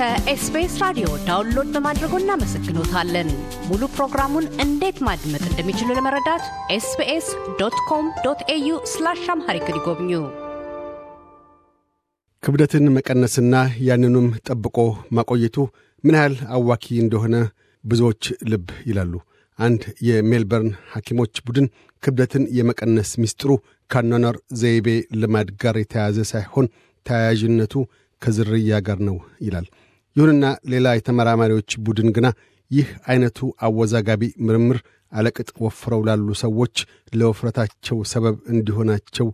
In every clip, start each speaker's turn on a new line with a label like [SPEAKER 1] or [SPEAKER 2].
[SPEAKER 1] ከኤስቢኤስ ራዲዮ ዳውንሎድ በማድረጎ እናመሰግኖታለን። ሙሉ ፕሮግራሙን እንዴት ማድመጥ እንደሚችሉ ለመረዳት ኤስቢኤስ ዶት ኮም ዶት ኤዩ ስላሽ አምሃሪክ ይጎብኙ።
[SPEAKER 2] ክብደትን መቀነስና ያንኑም ጠብቆ ማቆየቱ ምን ያህል አዋኪ እንደሆነ ብዙዎች ልብ ይላሉ። አንድ የሜልበርን ሐኪሞች ቡድን ክብደትን የመቀነስ ሚስጥሩ ካኗኗር ዘይቤ ልማድ ጋር የተያዘ ሳይሆን ተያያዥነቱ ከዝርያ ጋር ነው ይላል። ይሁንና ሌላ የተመራማሪዎች ቡድን ግና ይህ አይነቱ አወዛጋቢ ምርምር አለቅጥ ወፍረው ላሉ ሰዎች ለውፍረታቸው ሰበብ እንዲሆናቸው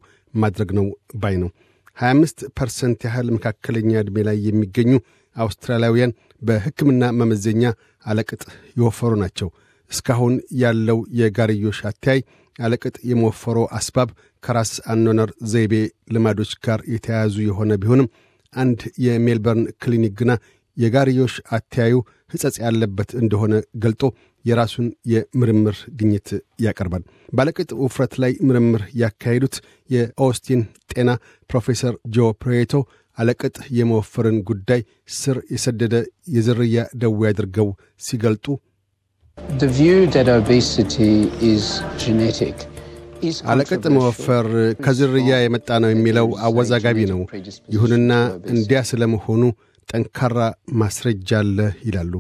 [SPEAKER 2] ማድረግ ነው ባይ ነው። 25 ፐርሰንት ያህል መካከለኛ ዕድሜ ላይ የሚገኙ አውስትራሊያውያን በሕክምና መመዘኛ አለቅጥ የወፈሩ ናቸው። እስካሁን ያለው የጋርዮሽ አተያይ አለቅጥ የመወፈሮ አስባብ ከራስ አኗኗር ዘይቤ ልማዶች ጋር የተያያዙ የሆነ ቢሆንም አንድ የሜልበርን ክሊኒክ ግና የጋርዮሽ አተያዩ ሕጸጽ ያለበት እንደሆነ ገልጦ የራሱን የምርምር ግኝት ያቀርባል። ባለቅጥ ውፍረት ላይ ምርምር ያካሄዱት የኦስቲን ጤና ፕሮፌሰር ጆ ፕሬቶ አለቅጥ የመወፈርን ጉዳይ ስር የሰደደ የዝርያ ደዌ አድርገው ሲገልጡ
[SPEAKER 1] The view that obesity is genetic አለቀጥ መወፈር
[SPEAKER 2] ከዝርያ የመጣ ነው የሚለው አወዛጋቢ ነው። ይሁንና እንዲያ ስለመሆኑ ጠንካራ ማስረጃ አለ ይላሉ።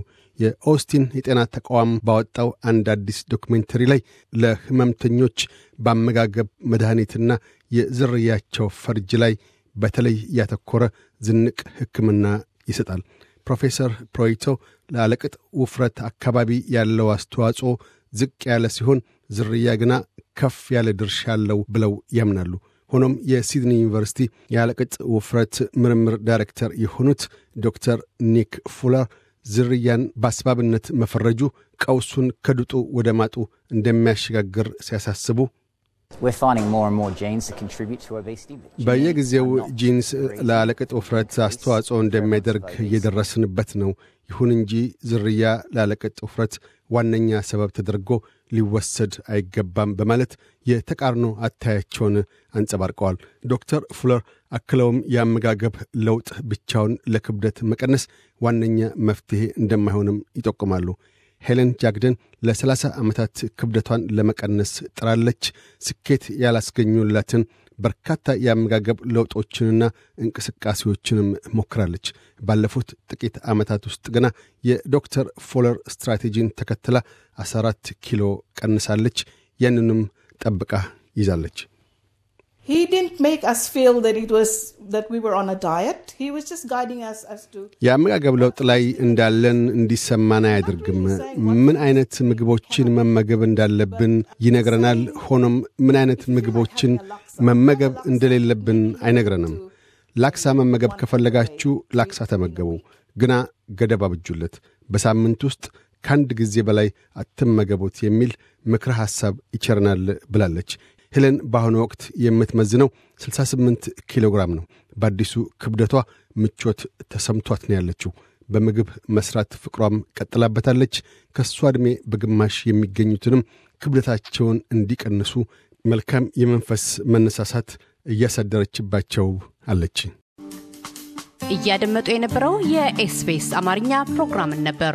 [SPEAKER 2] የኦስቲን የጤና ተቋም ባወጣው አንድ አዲስ ዶክመንተሪ ላይ ለሕመምተኞች በአመጋገብ መድኃኒትና የዝርያቸው ፈርጅ ላይ በተለይ ያተኮረ ዝንቅ ሕክምና ይሰጣል። ፕሮፌሰር ፕሮይቶ ለአለቅጥ ውፍረት አካባቢ ያለው አስተዋጽኦ ዝቅ ያለ ሲሆን ዝርያ ግና ከፍ ያለ ድርሻ አለው ብለው ያምናሉ። ሆኖም የሲድኒ ዩኒቨርሲቲ የአለቅጥ ውፍረት ምርምር ዳይሬክተር የሆኑት ዶክተር ኒክ ፉለር ዝርያን በአስባብነት መፈረጁ ቀውሱን ከድጡ ወደ ማጡ እንደሚያሸጋግር ሲያሳስቡ በየጊዜው ጂንስ ለአለቅጥ ውፍረት አስተዋጽኦ እንደሚያደርግ እየደረስንበት ነው። ይሁን እንጂ ዝርያ ለአለቅጥ ውፍረት ዋነኛ ሰበብ ተደርጎ ሊወሰድ አይገባም በማለት የተቃርኖ አታያቸውን አንጸባርቀዋል። ዶክተር ፉለር አክለውም የአመጋገብ ለውጥ ብቻውን ለክብደት መቀነስ ዋነኛ መፍትሔ እንደማይሆንም ይጠቁማሉ። ሄለን ጃግደን ለ30 ዓመታት ክብደቷን ለመቀነስ ጥራለች። ስኬት ያላስገኙላትን በርካታ የአመጋገብ ለውጦችንና እንቅስቃሴዎችንም ሞክራለች። ባለፉት ጥቂት ዓመታት ውስጥ ግና የዶክተር ፎለር ስትራቴጂን ተከትላ 14 ኪሎ ቀንሳለች። ያንንም ጠብቃ ይዛለች።
[SPEAKER 1] he didn't make us feel that it was that we were on a diet. He was just guiding us as to
[SPEAKER 2] የአመጋገብ ለውጥ ላይ እንዳለን እንዲሰማን አያደርግም። ምን አይነት ምግቦችን መመገብ እንዳለብን ይነግረናል። ሆኖም ምን አይነት ምግቦችን መመገብ እንደሌለብን አይነግረንም። ላክሳ መመገብ ከፈለጋችሁ ላክሳ ተመገቡ፣ ግና ገደብ አብጁለት። በሳምንት ውስጥ ከአንድ ጊዜ በላይ አትመገቡት የሚል ምክረ ሐሳብ ይቸርናል ብላለች። ሄለን በአሁኑ ወቅት የምትመዝነው 68 ኪሎ ግራም ነው። በአዲሱ ክብደቷ ምቾት ተሰምቷት ነው ያለችው። በምግብ መስራት ፍቅሯም ቀጥላበታለች። ከእሷ ዕድሜ በግማሽ የሚገኙትንም ክብደታቸውን እንዲቀንሱ መልካም የመንፈስ መነሳሳት እያሳደረችባቸው አለች።
[SPEAKER 1] እያደመጡ የነበረው የኤስፔስ አማርኛ ፕሮግራምን ነበር።